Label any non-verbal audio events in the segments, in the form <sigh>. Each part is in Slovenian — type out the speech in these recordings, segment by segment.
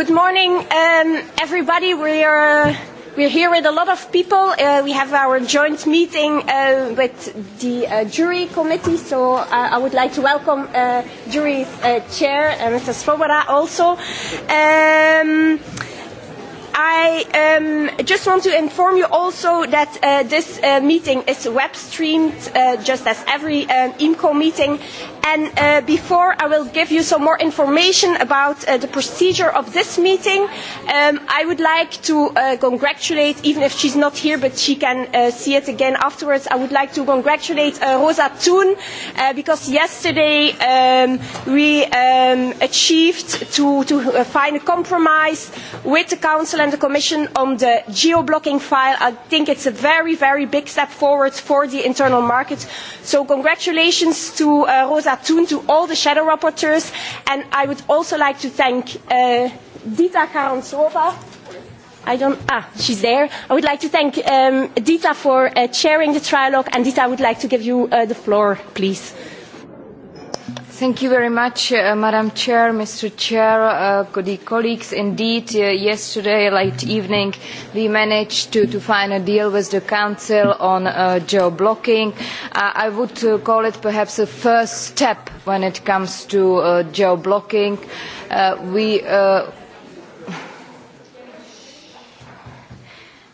Good morning, um, everybody. We are here with a lot of people. Uh, we have our joint meeting uh, with the uh, jury committee, so I would like to welcome jury chair Mr. Svoboda also. Um, I um, just want to inform you also that uh, this uh, meeting is web streamed, uh, just as every uh, IMCO meeting. And uh, before I will give you some more information about uh, the procedure of this meeting, um, I would like to uh, congratulate, even if she's not here, but she can uh, see it again afterwards, I would like to congratulate uh, Rosa Thun, uh, because yesterday um, we um, achieved to, to uh, find a compromise with the Council council and the commission on the geo blocking file i think it's a very very big step forward for the internal market so congratulations to uh, rosa thun to all the shadow rapporteurs and i would also like to thank uh, dita karantsova I don't, ah, she's there. I would like to thank um, Dita for uh, chairing the trilogue. And Dita, I would like to give you uh, the floor, please. Thank you very much, uh, Madam Chair, Mr. Chair, uh, colleagues. Indeed, uh, yesterday late evening, we managed to, to find a deal with the Council on uh, geo-blocking. Uh, I would uh, call it perhaps a first step when it comes to uh, geo-blocking. Uh, we uh,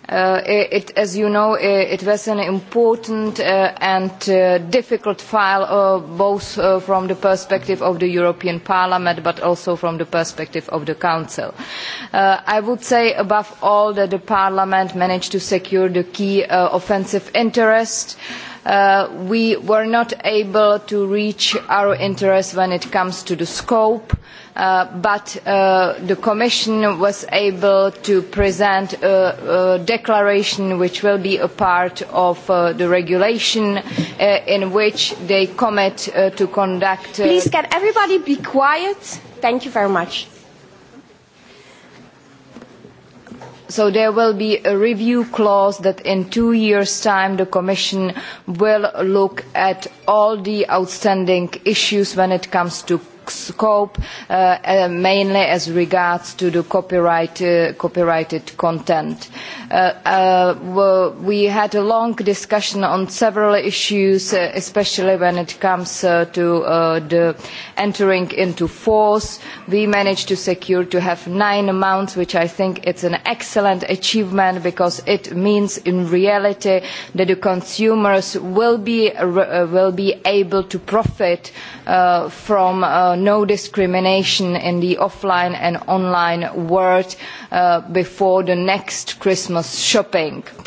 uh, it, as you know, it, it was an important uh, and uh, difficult file, uh, both uh, from the perspective of the European Parliament, but also from the perspective of the Council. Uh, I would say, above all, that the Parliament managed to secure the key uh, offensive interest. Uh, we were not able to reach our interest when it comes to the scope, Uh, but uh, the Commission was able to present a, a declaration which will be a part of uh, the regulation uh, in which they commit uh, to conduct... Uh, Please can everybody be quiet? Thank you very much. So there will be a review clause that in two years' time the Commission will look at all the outstanding issues when it comes to scope, uh, uh, mainly as regards to the copyright, uh, copyrighted content. Uh, uh, well, we had a long discussion on several issues, uh, especially when it comes uh, to uh, the entering into force. We managed to secure to have nine amounts, which I think it's an excellent achievement because it means in reality that the consumers will be, uh, will be able to profit uh, from uh, no discrimination in the offline and online world uh, before the next Christmas shopping. Uh,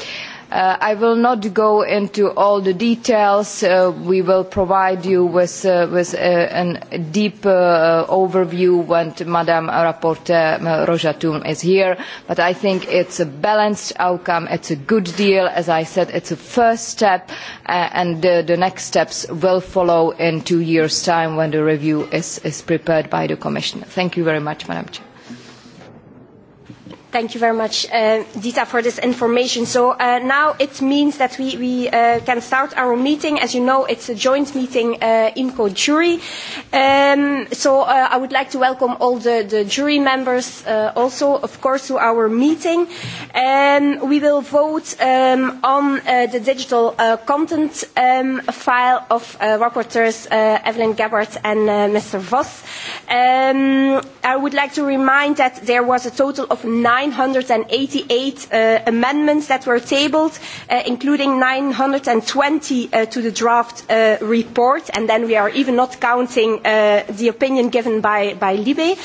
Uh, I will not go into all the details. Uh, we will provide you with, uh, with a, uh, a deep uh, overview when Madame Rapporteur uh, Rojatum is here. But I think it's a balanced outcome. It's a good deal. As I said, it's a first step. Uh, and uh, the next steps will follow in two years' time when the review is, is prepared by the Commission. Thank you very much, Madame Chair. Thank you very much, uh, Dita, for this information. So uh, now it means that we, we uh, can start our meeting. As you know, it's a joint meeting, uh, IMCO jury. Um, so uh, I would like to welcome all the, the jury members uh, also, of course, to our meeting. Um, we will vote um, on uh, the digital uh, content um, file of uh, rapporteurs uh, Evelyn Gabbard and uh, Mr. Voss. Um, I would like to remind that there was a total of nine 988 uh, amendments that were tabled, uh, including 920 uh, to the draft uh, report, and then we are even not counting uh, the opinion given by, by Libe.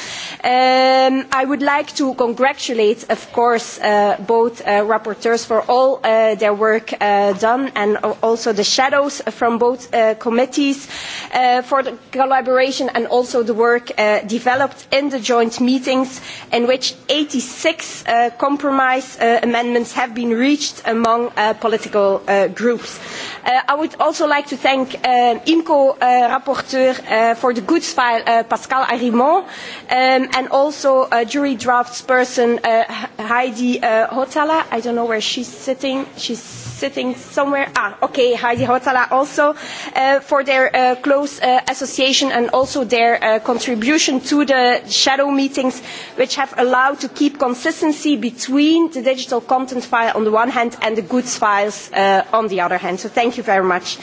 Um, I would like to congratulate, of course, uh, both uh, rapporteurs for all uh, their work uh, done and also the shadows from both uh, committees uh, for the collaboration and also the work uh, developed in the joint meetings in which 86 uh, compromise uh, amendments have been reached among uh, political uh, groups. Uh, I would also like to thank uh, IMCO uh, rapporteur uh, for the goods file, uh, Pascal Arimont, um, and also uh, jury draftsperson uh, Heidi uh, Hotala. I don't know where she's sitting. She's sitting somewhere. Ah, okay, Heidi Hotala also uh, for their uh, close uh, association and also their uh, contribution to the shadow meetings, which have allowed to keep consistency between the digital content file on the one hand and the goods files uh, on the other hand. So thank you very much.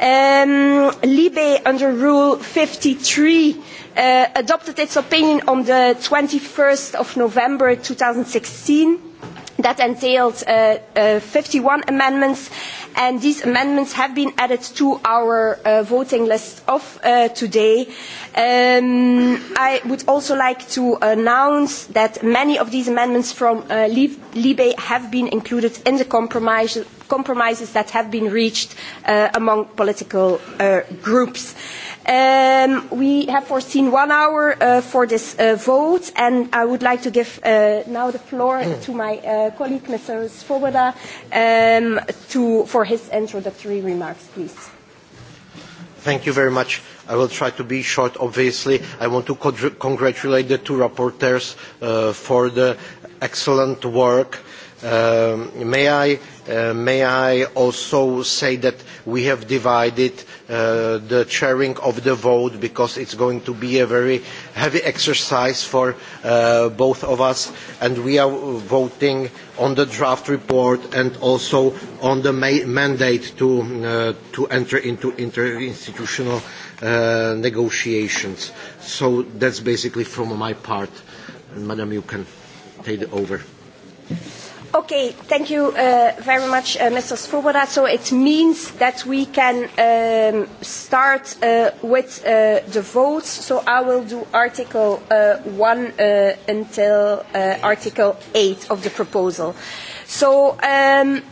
Um, Libe under Rule 53. Uh, adopted its opinion on the 21st of November 2016 that entailed uh, uh, 51 amendments, and these amendments have been added to our uh, voting list of uh, today. Um, I would also like to announce that many of these amendments from uh, Libe have been included in the compromise, compromises that have been reached uh, among political uh, groups. Uh, Um, we have foreseen one hour uh, for this uh, vote, and I would like to give uh, now the floor <coughs> to my uh, colleague, Mr. Svoboda, um, to, for his introductory remarks, please. Thank you very much. I will try to be short, obviously. I want to congr- congratulate the two rapporteurs uh, for the excellent work. Um, may I uh, may I also say that we have divided uh, the chairing of the vote because it's going to be a very heavy exercise for uh, both of us, and we are voting on the draft report and also on the ma- mandate to uh, to enter into interinstitutional uh, negotiations. So that's basically from my part, Madam. You can take it over. Okay, thank you uh, very much, uh, Mr. Svoboda. So it means that we can um, start uh, with uh, the votes. So I will do Article uh, 1 uh, until uh, Article 8 of the proposal. So um,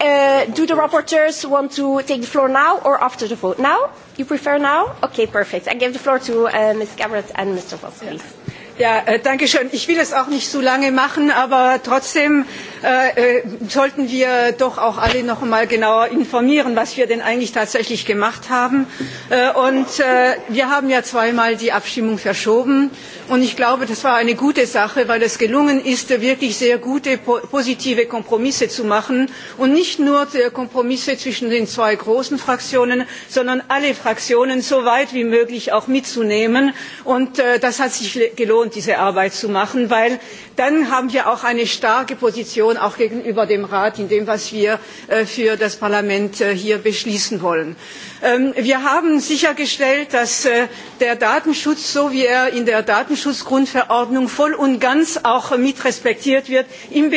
uh, do the rapporteurs want to take the floor now or after the vote? Now? You prefer now? Okay, perfect. I give the floor to uh, Ms. Garrett and Mr. Voss, please. Yeah. Ja, äh, danke schön. Ich will es auch nicht so lange machen, aber trotzdem äh, äh sollten wir doch auch alle noch einmal genauer informieren, was wir denn eigentlich tatsächlich gemacht haben. Äh, und äh, wir haben ja zweimal die Abstimmung verschoben. Und ich glaube, das war eine gute Sache, weil es gelungen ist, wirklich sehr gute, po positive Kompromisse zu machen. Und nicht nur äh, Kompromisse zwischen den zwei großen Fraktionen, sondern alle Fraktionen so weit wie möglich auch mitzunehmen. Und äh, das hat sich gelohnt lohnt diese arbeit zu machen denn dann haben wir auch eine starke position auch gegenüber dem rat in dem was wir äh, für das parlament äh, hier beschließen wollen. Ähm, wir haben sichergestellt dass äh, der datenschutz so wie er in der datenschutzgrundverordnung voll und ganz auch mit respektiert wird im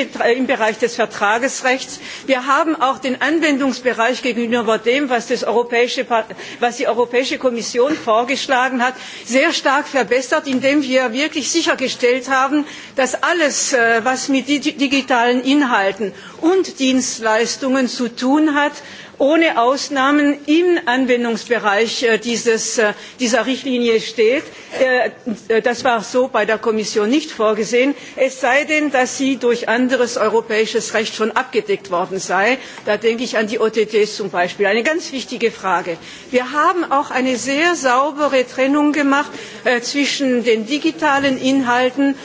bereich des vertragsrechts. wir haben auch den anwendungsbereich gegenüber dem was die europäische kommission vorgeschlagen hat sehr stark verbessert indem wir wirklich sichergestellt haben dass alles äh, was mit digitalen inhalten und dienstleistungen zu tun hat ohne Ausnahmen im Anwendungsbereich äh, dieses, äh, dieser Richtlinie steht. Äh, das war so bei der Kommission nicht vorgesehen, es sei denn, dass sie durch anderes europäisches Recht schon abgedeckt worden sei. Da denke ich an die OTTs zum Beispiel. Eine ganz wichtige Frage. Wir haben auch eine sehr saubere Trennung gemacht zwischen den digitalen Inhalten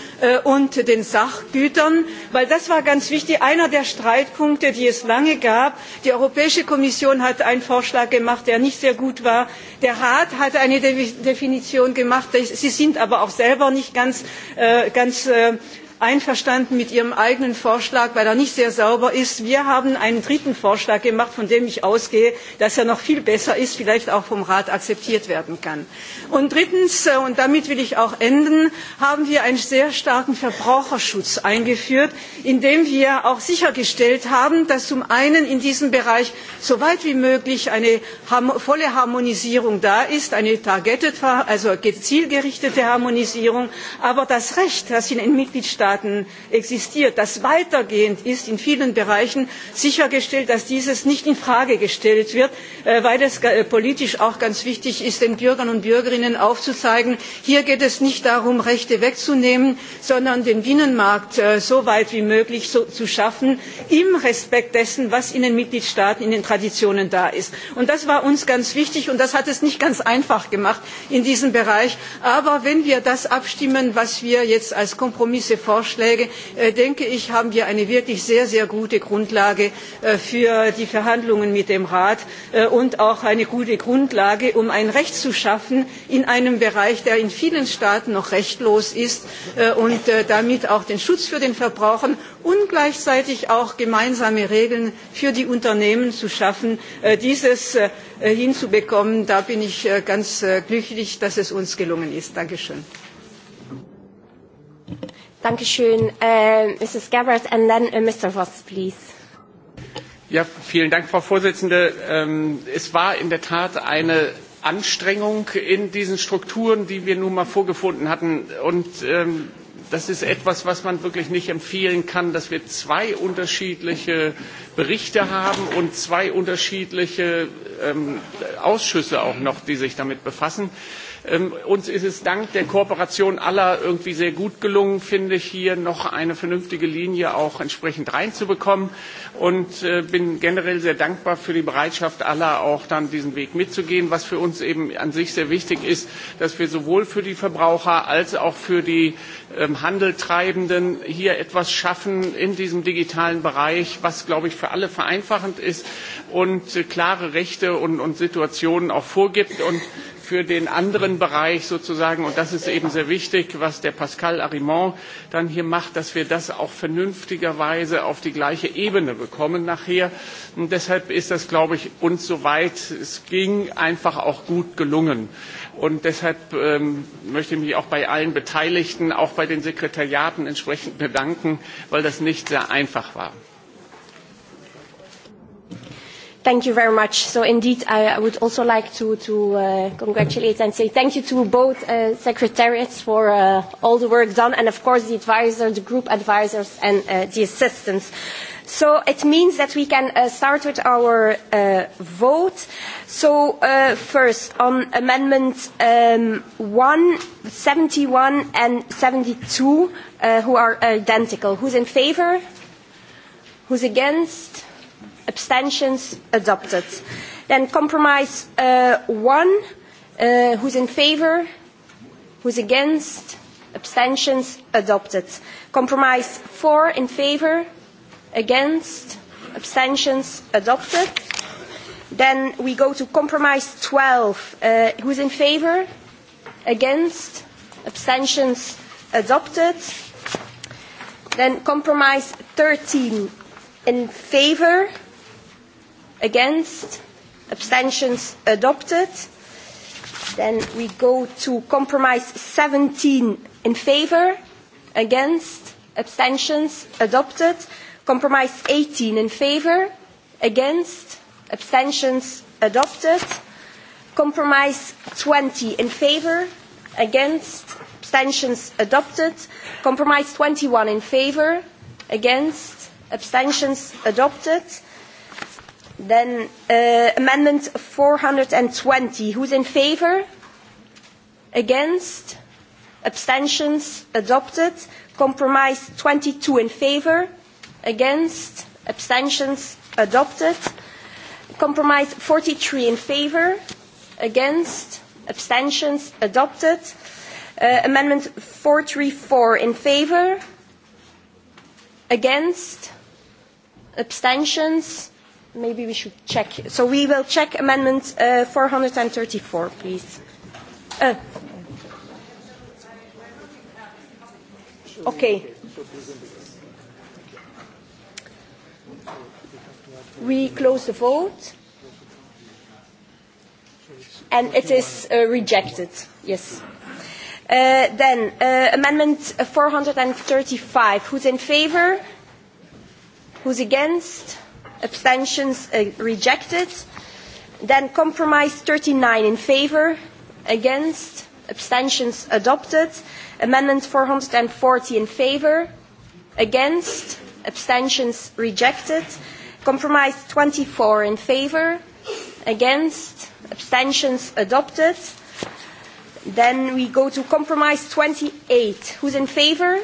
und den Sachgütern, weil das war ganz wichtig. Einer der Streitpunkte, die es lange gab, die Europäische Kommission kommission hat einen vorschlag gemacht der nicht sehr gut war der rat hat eine definition gemacht sie sind aber auch selber nicht ganz einverstanden. Äh, einverstanden mit ihrem eigenen vorschlag weil er nicht sehr sauber ist. wir haben einen dritten vorschlag gemacht von dem ich ausgehe dass er noch viel besser ist vielleicht auch vom rat akzeptiert werden kann. und drittens äh, und damit will ich auch enden haben wir einen sehr starken verbraucherschutz eingeführt indem wir auch sichergestellt haben dass zum einen in diesem bereich so weit wie möglich eine volle harmonisierung da ist eine targeted also zielgerichtete harmonisierung aber das recht das in den mitgliedstaaten mitgliedstaaten existiert dass weitergehend ist in vielen bereichen sichergestellt dass dieses nicht in frage gestellt wird äh, weil es äh, politisch auch ganz wichtig ist den bürgern und bürgerinnen aufzuzeigen hier geht es nicht darum rechte wegzunehmen sondern den binnenmarkt äh, so weit wie möglich zu schaffen im respekt dessen was in den mitgliedstaaten in den traditionen da ist. das war uns ganz wichtig und das hat es nicht ganz einfach gemacht in diesem bereich. aber wenn wir das abstimmen was wir jetzt als kompromisse vorschläge äh, denke ich haben wir eine wirklich sehr sehr gute grundlage äh, für die verhandlungen mit dem rat äh, und auch eine gute grundlage um ein recht zu schaffen in einem bereich der in vielen staaten noch rechtlos ist und damit auch den schutz für den verbraucher und gleichzeitig auch gemeinsame regeln für die unternehmen zu schaffen dieses hinzubekommen. da bin ich ganz glücklich dass es uns gelungen ist. danke schön! Dankeschön, äh, Mrs. Gabbard. And then uh, äh, Mr. Voss, please. Ja, vielen Dank, Frau Vorsitzende. Ähm, es war in der Tat eine Anstrengung in diesen Strukturen, die wir nun mal vorgefunden hatten. Und ähm, das ist etwas, was man wirklich nicht empfehlen kann, dass wir zwei unterschiedliche Berichte haben und zwei unterschiedliche ähm, Ausschüsse auch noch, die sich damit befassen. Äh, Ähm, uns ist es dank der Kooperation aller irgendwie sehr gut gelungen, finde ich, hier noch eine vernünftige Linie auch entsprechend reinzubekommen und äh, bin generell sehr dankbar für die Bereitschaft aller, auch dann diesen Weg mitzugehen, was für uns eben an sich sehr wichtig ist, dass wir sowohl für die Verbraucher als auch für die ähm, Handeltreibenden hier etwas schaffen in diesem digitalen Bereich, was, glaube ich, für alle vereinfachend ist und äh, klare Rechte und, und Situationen auch vorgibt. Und für den anderen Bereich sozusagen, und das ist eben sehr wichtig, was der Pascal Arimont dann hier macht, dass wir das auch vernünftigerweise auf die gleiche Ebene bekommen nachher. Und deshalb ist das, glaube ich, uns soweit es ging, einfach auch gut gelungen. Und deshalb ähm, möchte ich mich auch bei allen Beteiligten, auch bei den Sekretariaten entsprechend bedanken, weil das nicht sehr einfach war. Thank you very much. So indeed, I would also like to, to uh, congratulate and say thank you to both uh, secretariats for uh, all the work done, and of course the advisors, the group advisors, and uh, the assistants. So it means that we can uh, start with our uh, vote. So uh, first, on Amendment um, 1, 71 and 72, uh, who are identical. Who's in favour? Who's against? abstentions adopted. Then compromise uh, one, uh, who's in favour, who's against, abstentions adopted. Compromise four, in favour, against, abstentions adopted. Then we go to compromise 12, uh, who's in favour, against, abstentions adopted. Then compromise 13, in favour, against abstentions adopted then we go to compromise 17 in favor against abstentions adopted compromise 18 in favor against abstentions adopted compromise 20 in favor against abstentions adopted compromise 21 in favor against abstentions adopted Then uh, amendment 420. Who's in favour? Against? Abstentions? Adopted. Compromise 22 in favour. Against? Abstentions? Adopted. Compromise 43 in favour. Against? Abstentions? Adopted. Uh, amendment 434 in favour. Against? Abstentions? Adopted maybe we should check. So we will check amendment uh, 434, please. Uh. Okay. We close the vote. And it is uh, rejected. Yes. Uh, then, uh, amendment 435. Who's in favour? Who's against? abstentions uh, rejected. Then compromise 39 in favour, against, abstentions adopted. Amendment 440 in favour, against, abstentions rejected. Compromise 24 in favour, against, abstentions adopted. Then we go to compromise 28. Who's in favour?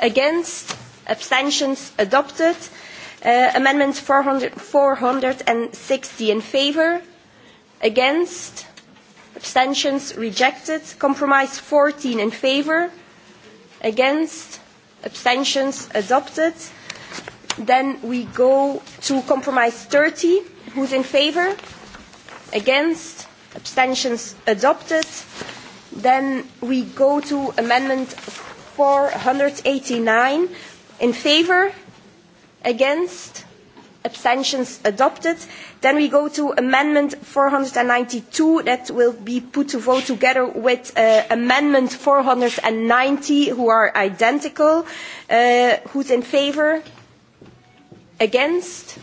Against, abstentions adopted. Uh, amendment 400, 460 in favour, against, abstentions rejected. Compromise 14 in favour, against, abstentions adopted. Then we go to compromise 30. Who's in favour? Against, abstentions adopted. Then we go to amendment 489. In favour? against abstentions adopted then we go to amendment four hundred and ninety two that will be put to vote together with uh, amendment four hundred and ninety who are identical uh, who is in favour against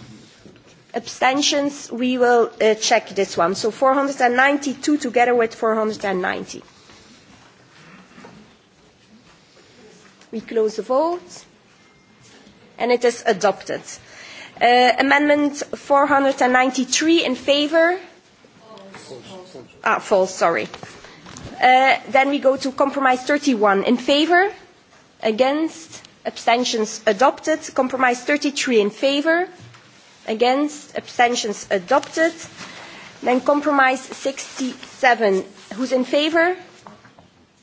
abstentions we will uh, check this one so four hundred and ninety two together with four hundred and ninety we close the vote and it is adopted. Uh, amendment 493 in favour? False. Ah, false, sorry. Uh, then we go to compromise 31 in favour? Against? Abstentions adopted. Compromise 33 in favour? Against? Abstentions adopted. Then compromise 67, who's in favour?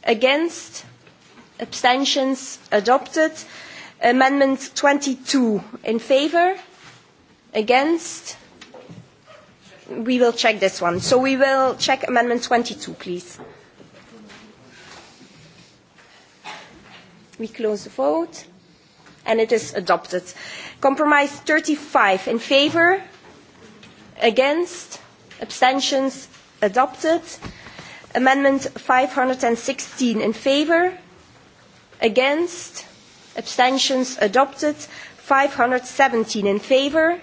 Against? Abstentions adopted amendment twenty two in favour against we will check this one so we will check amendment twenty two please we close the vote and it is adopted compromise thirty five in favour against abstentions adopted amendment five hundred and sixteen in favour against abstentions adopted 517 in favor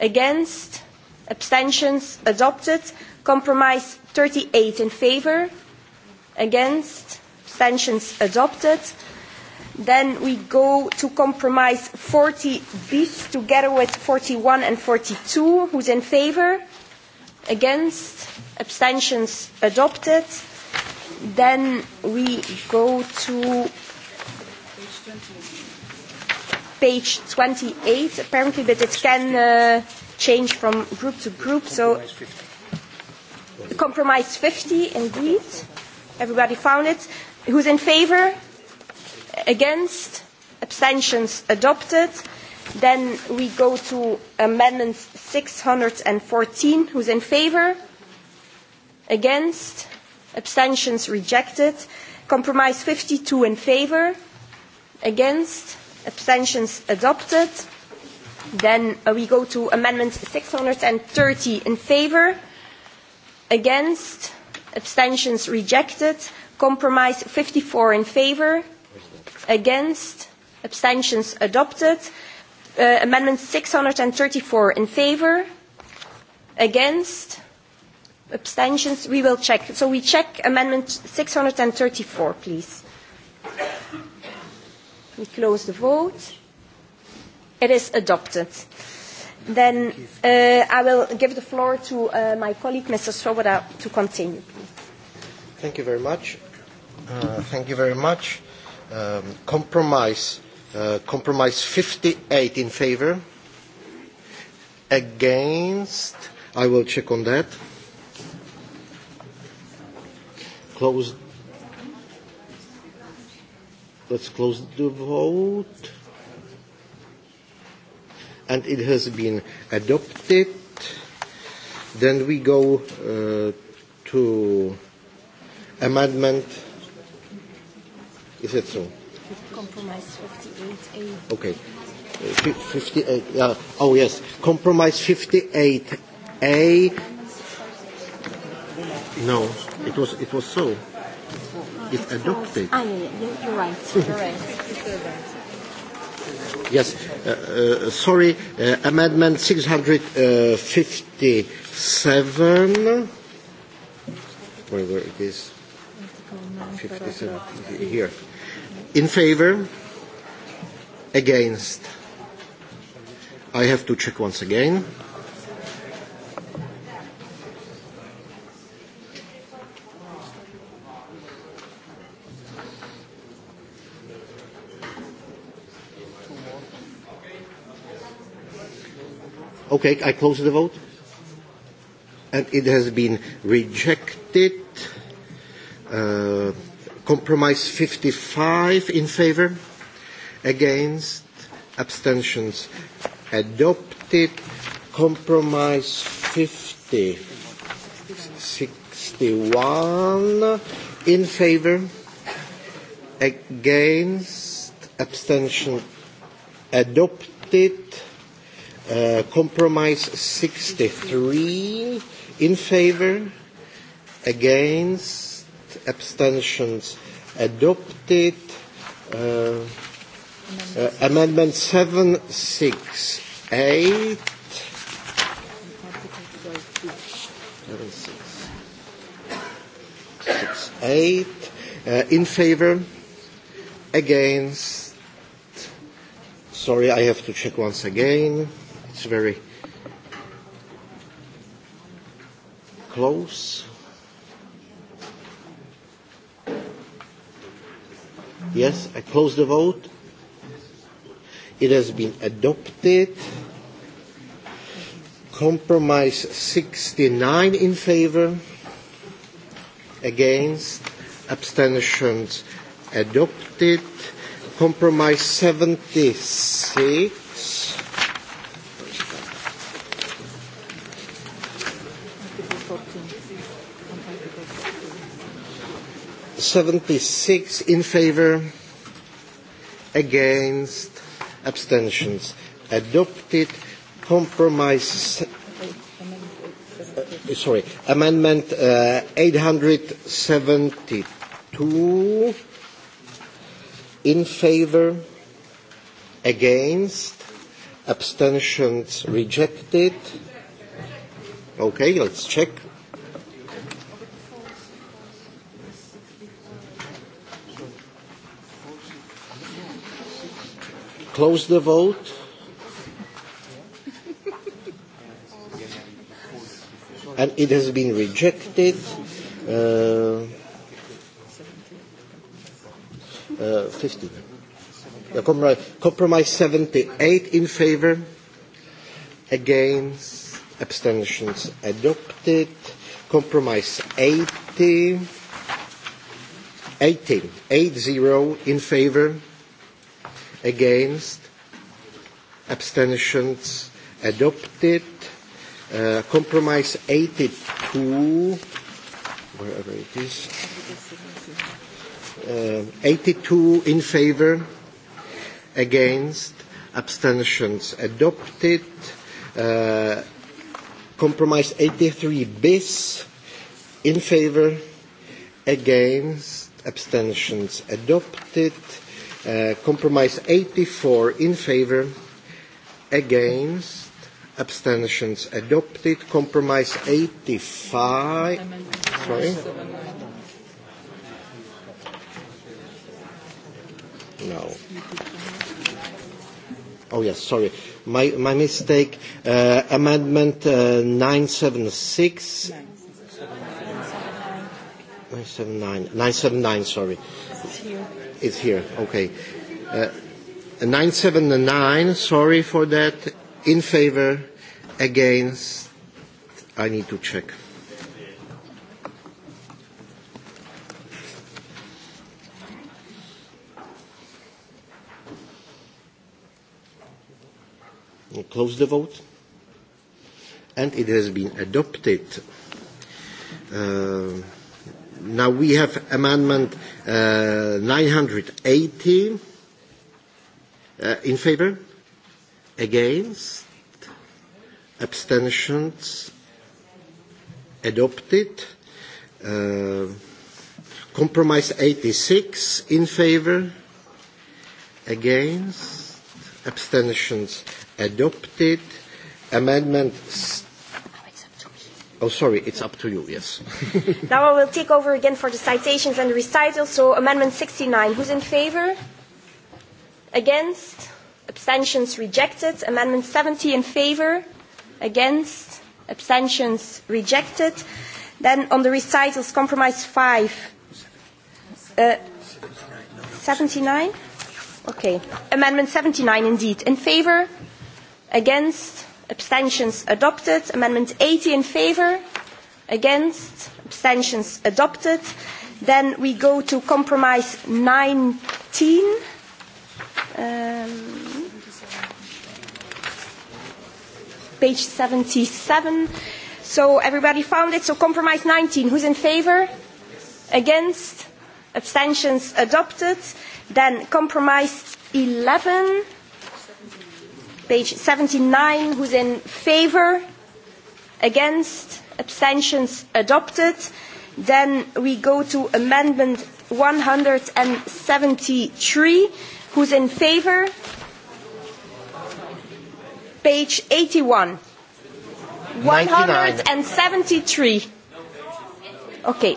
against abstentions adopted compromise 38 in favor against abstentions adopted then we go to compromise 40 bis together with 41 and 42 who's in favor against abstentions adopted then we go to page 28 apparently but it can uh, change from group to group so compromise 50 indeed everybody found it who's in favor against abstentions adopted then we go to amendment 614 who's in favor against abstentions rejected compromise 52 in favor against abstentions adopted then uh, we go to amendment 630 in favor against abstentions rejected compromise 54 in favor against abstentions adopted uh, amendment 634 in favor against abstentions we will check so we check amendment 634 please We close the vote. It is adopted. Then uh, I will give the floor to uh, my colleague, Mr. Svoboda, to continue. Thank you very much. Uh, thank you very much. Um, compromise, uh, compromise 58 in favor. Against, I will check on that. Close let's close the vote. And it has been adopted. Then we go uh, to amendment. Is it so? Compromise 58A. Okay. Uh, oh, yes. Compromise 58A. No, it was, it was so it adopted. Ah, yeah, yeah. You're right. You're <laughs> right. yes. Uh, uh, sorry. Uh, amendment 657. Where it is? 57. Here. In favor? Against? I have to check once again. Okay, I close the vote. And it has been rejected. Uh, compromise 55 in favor. Against. Abstentions adopted. Compromise 50. 61 in favor. Against. Abstention adopted. Uh, compromise 63 in favor, against, abstentions adopted, uh, uh, amendment 768. Six, eight uh, in favor, against. Sorry, I have to check once again very close. Yes, I close the vote. It has been adopted. Compromise 69 in favor, against, abstentions adopted. Compromise 76. 76 in favor, against, abstentions. Adopted. Compromise. Uh, sorry, amendment 872. Uh, in favor, against, abstentions rejected. Okay, let's check. close the vote. And it has been rejected. Uh, uh, 15. Uh, compromise, compromise 78 in favor. Against. Abstentions adopted. Compromise 80. 18. 80 in favor against, abstentions adopted, uh, compromise 82, wherever it is, uh, 82 in favor, against, abstentions adopted, uh, compromise 83 bis, in favor, against, abstentions adopted, Uh, compromise 84 in favor, against, abstentions adopted. Compromise 85. Sorry. No. Oh yes, sorry, my, my mistake. Uh, amendment uh, 976. 979. 979, sorry. It's here it's here, okay. Uh, 979, sorry for that. In favor, against, I need to check. Close the vote. And it has been adopted. Uh, Now we have amendment uh, 980 uh, in favor, against, abstentions, adopted. Uh, compromise 86 in favor, against, abstentions, adopted. Amendment Oh, sorry, it's up to you, yes. <laughs> now I will take over again for the citations and the recitals. So, Amendment 69, who's in favor? Against? Abstentions rejected. Amendment 70 in favor? Against? Abstentions rejected. Then, on the recitals, Compromise 5. Uh, 79? Okay. Amendment 79, indeed. In favor? Against? abstentions adopted. Amendment 80 in favour, against, abstentions adopted. Then we go to compromise 19. Um, page 77. So everybody found it. So compromise 19. Who's in favour? Against? Abstentions adopted. Then compromise 11 page 79, who's in favor, against, abstentions, adopted. Then we go to amendment 173, who's in favor, page 81. 173. Okay.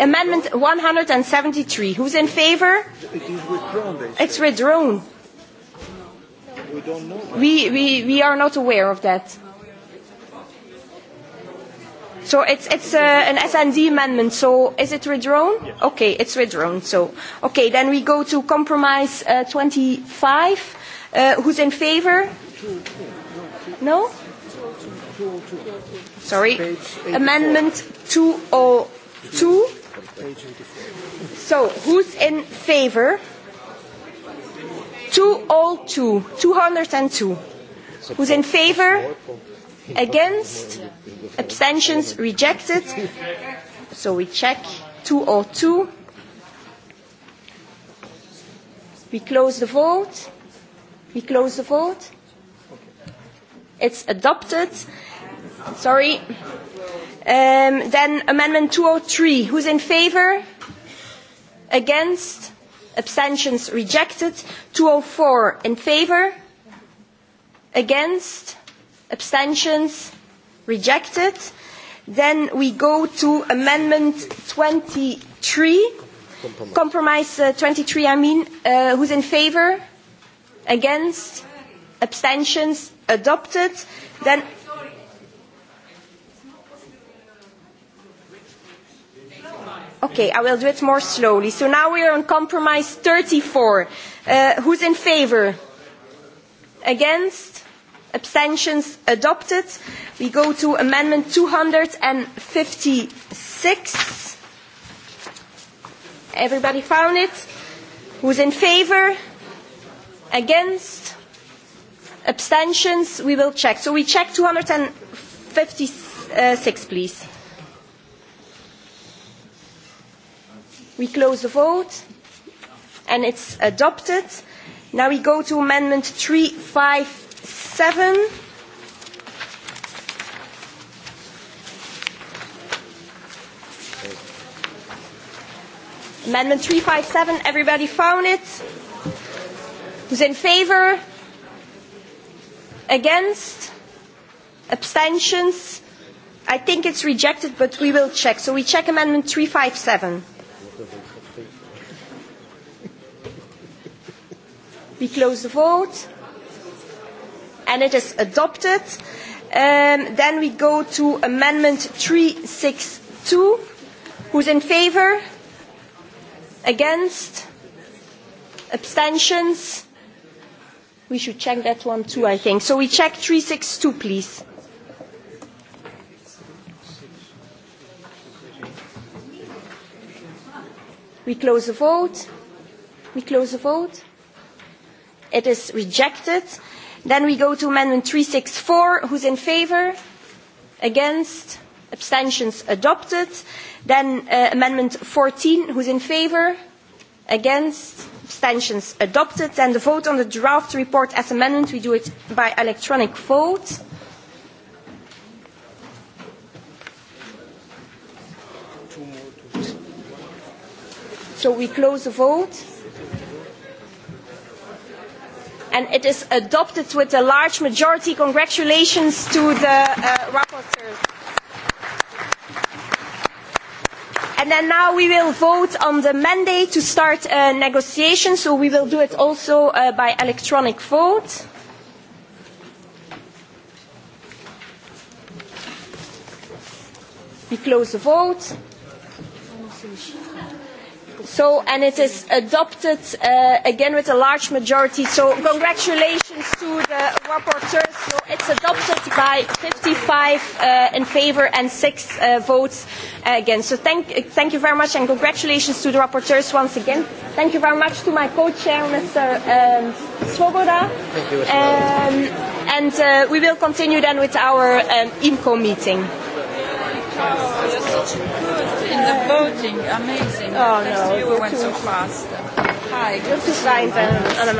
Amendment 173. Who's in favor? It is withdrawn. It's withdrawn we don't know. We, we, we are not aware of that. So it's, it's uh, an SND amendment. So is it withdrawn? Yes. Okay, it's withdrawn. So okay, then we go to compromise uh, 25. Uh, who's in favour? No. Sorry. Amendment 202. So who's in favour? 202, 202. Who's in favour? Against? Abstentions? Rejected? So we check 202. We close the vote. We close the vote. It's adopted. Sorry. Um, then Amendment 203. Who's in favour? Against? abstentions rejected 204 in favor against abstentions rejected then we go to amendment 23 compromise, compromise uh, 23 i mean uh, who's in favor against abstentions adopted then Okay, I will do it more slowly. So now we are on compromise 34. Uh, who's in favor? Against? Abstentions adopted. We go to amendment 256. Everybody found it? Who's in favor? Against? Abstentions? We will check. So we check 256, uh, please. we close the vote and it's adopted now we go to amendment 357 Amendment 357, everybody found it? Who's in favour? Against? Abstentions? I think it's rejected, but we will check. So we check Amendment 357. we close the vote and it is adopted um, then we go to amendment 362 who's in favor against abstentions we should check that one too i think so we check 362 please We close the vote. We close the vote it is rejected. Then we go to Amendment 364. Who's in favour? Against? Abstentions adopted. Then uh, Amendment 14. Who's in favour? Against? Abstentions adopted. And the vote on the draft report as amendment, we do it by electronic vote. So we close the vote and it is adopted with a large majority. Congratulations to the uh, rapporteurs. And then now we will vote on the mandate to start a negotiation, so we will do it also uh, by electronic vote. We close the vote so and it is adopted uh, again with a large majority so congratulations to the rapporteurs so it's adopted by 55 uh, in favor and 6 uh, votes uh, again so thank uh, thank you very much and congratulations to the rapporteurs once again thank you very much to my co-chair mr um, swoboda thank you um, and uh, we will continue then with our um, imco meeting Thank you watching good in the boating, amazing. Oh, no, you went too. so fast. Hi, good to find them.